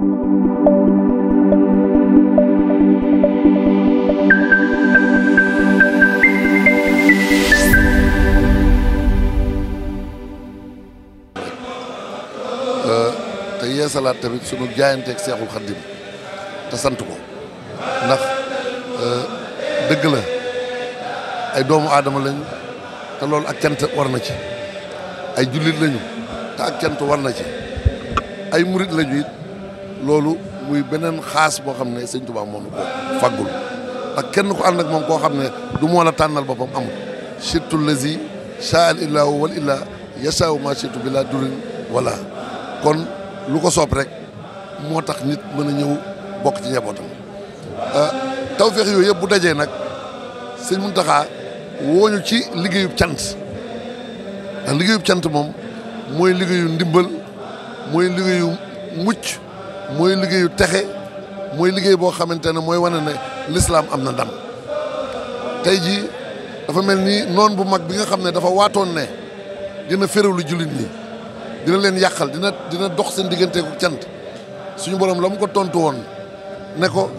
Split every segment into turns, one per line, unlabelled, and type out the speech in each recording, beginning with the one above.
te yeesalaat tamit sunu jaayanteeg seexul xaddim te sant ko ndax dëgg la ay doomu aadama lañ te loolu ak cant war na ci ay jullit lañu te ak cant war na ci ay murit lañu it loolu muy beneen xaas boo xam ne sëñ Tuubaa moo ñu ko faggul ndax kenn ku ànd ak moom koo xam ne du moo la tànnal boppam amul sirtu lazi saa illaahu wal illaa yasaawu ma sirtu bi laa durin wala kon lu ko soob rek moo tax nit mën a ñëw bokk ci njabootam euh, tawféex yooyu yëpp bu dajee nag sëñ Muntaxa wooñu ci liggéeyub cant ndax liggéeyub cant moom mooy liggéeyu ndimbal mooy liggéeyu mucc mooy liggéeyu texe mooy liggéey boo xamante ne mooy wane na lislaam am na dam tey jii dafa mel ni noon bu mag bi nga xam ne dafa waatoon ne dina féréwlu jullit ñi dina leen yàqal dina dina dox seen digganteeku cant suñu borom la mu ko tontu woon ne ko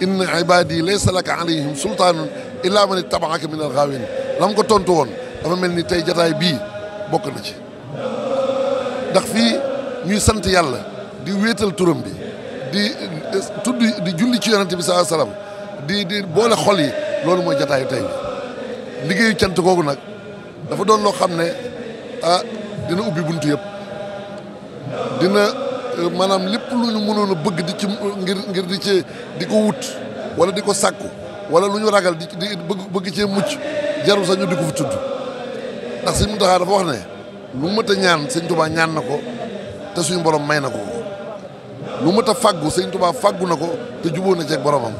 inna ibaadi laysa laka alayhim sultaanun illaa man ittabaaka min alxaawin la mu ko tontu woon dafa mel ni tey jataay bii bokk na ci ndax fii ñuy sant yàlla di wéetal turam bi di tudd di julli ci yonent bi saa salaam di di boole xol yi loolu mooy jataayu tey bi liggéeyu cant googu nag dafa doon loo xam ne ah dina ubbi buntu yëpp dina euh, maanaam lépp lu ñu mënoon a bëgg di ci ngir ngir di ci di ko wut wala di ko sàkku wala lu ñu ragal di di bëgg bëgg cee mucc jarul sañu ñu di ko fi tudd ndax sëñ Muntaxa dafa wax ne lu mët a ñaan sëñ Tuubaa ñaan na ko te suñu borom may na ko. lu mët a fàggu sëñ Tuubaa fàggu na ko te jubóo na ceeg boromam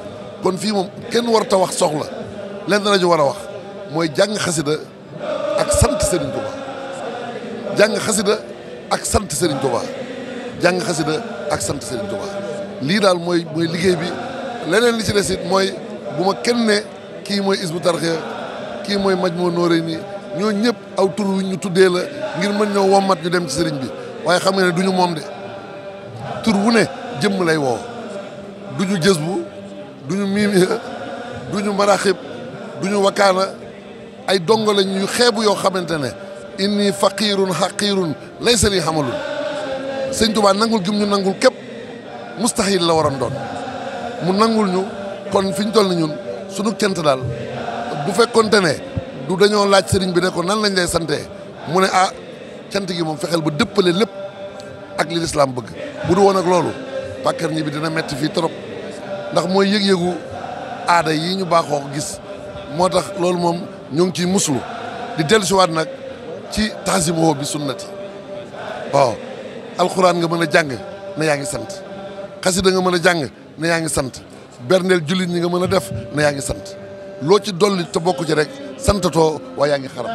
kon fii moom kenn warut a wax soxla lenn la ñu war a wax mooy jàng xasida ak sant Serigne Touba jàng xasida ak sant Serigne Touba jàng xasida ak sant Serigne Touba lii daal mooy mooy liggéey bi leneen li ci des mooy bu ma kenn ne kii mooy Hizbut Tarqiyyah kii mooy Majmahun Nurayni ñoo ñëpp aw tur wi ñu tuddee la ngir mën ñoo wommat ñu dem ci sëriñ bi waaye xam ne duñu moom de tur wu ne jëmm lay woo du ñu jës bu du ñu miimiya du ñu maraxib du ñu wakaana ay dongo lañ ñu xeebu yoo xamante ne inni faqirun xaqirun laysa li xamalun sëñ Tuubaa nangul gim ñu nangul képp mustahil la waroon doon mu nangul ñu kon fi toll ni ñun sunu cant daal bu fekkonte ne du dañoo laaj sëriñ bi ne ko nan lañ lay sante mu ne ah cant moom fexeel ba dëppale ak li lislaam bëgg bu du nag loolu Bakar ñi bi dina metti fii trop ndax mooy yëg-yëgu aada yi ñu baaxoo ko gis moo tax loolu moom ñoo ngi ciy musulu di dellusiwaat nag ci taasimoo bi sunnati waaw alxuraan nga mën a jàng na yaa ngi sant xasida nga mën a jàng na yaa ngi sant berndeel jullit ñi nga mën a def na yaa ngi sant loo ci dolli te bokku ci rek santatoo waaye yaa ngi xaram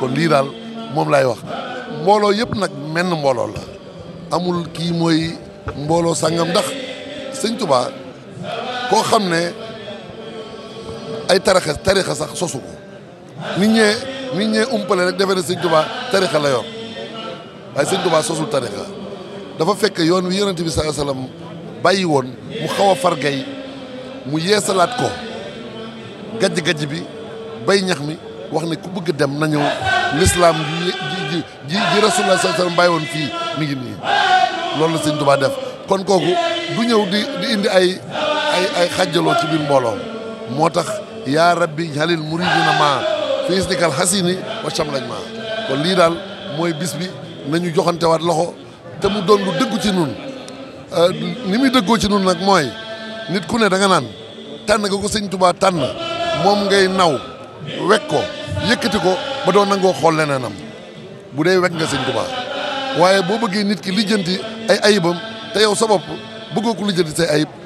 kon lii daal moom laay wax mbooloo yëpp nag menn mbooloo la amul kii mooy mbooloo sàngam ndax sëñ Tuubaa koo xam ne ay tarixa tarixa sax sosu ko nit ñee nit ñee umpale rek defe ne sëñ Tuubaa tarixa la yor waaye sëñ Tuubaa sosul tarixa dafa fekk yoon wi yonent bi sallallahu alayhi wasallam bàyyi woon mu xaw a fargay mu yeesalaat ko gajj-gajj bi bay ñax mi wax ne ku bëgg dem na ñëw lislaam ji ji ji ji rasulullah sallallahu alayhi wasallam woon fii mi ngi nii loolu la sëñ Tuubaa def kon kooku du ñëw di di indi ay ay ay xajjaloo ci biir mbooloom moo tax yaa rabbi halil muridina ma fi isnikal xasini wa chamlañ ma kon lii daal mooy bis bi nañu joxantewaat loxo te mu doon lu dëggu ci nun ni euh, muy dëggoo ci nun nag mooy nit ku ne danga naan tànn nga ko sëñ Tuubaa tànn moom ngay naw wekk ko yëkkati ko ba doon nangoo xool leneenam bu dee wekk nga sëñ Tuubaa waaye boo bëggee nit ki lijjanti ay ayibam te yow sa bopp bëggoo ko lijjanti say ayib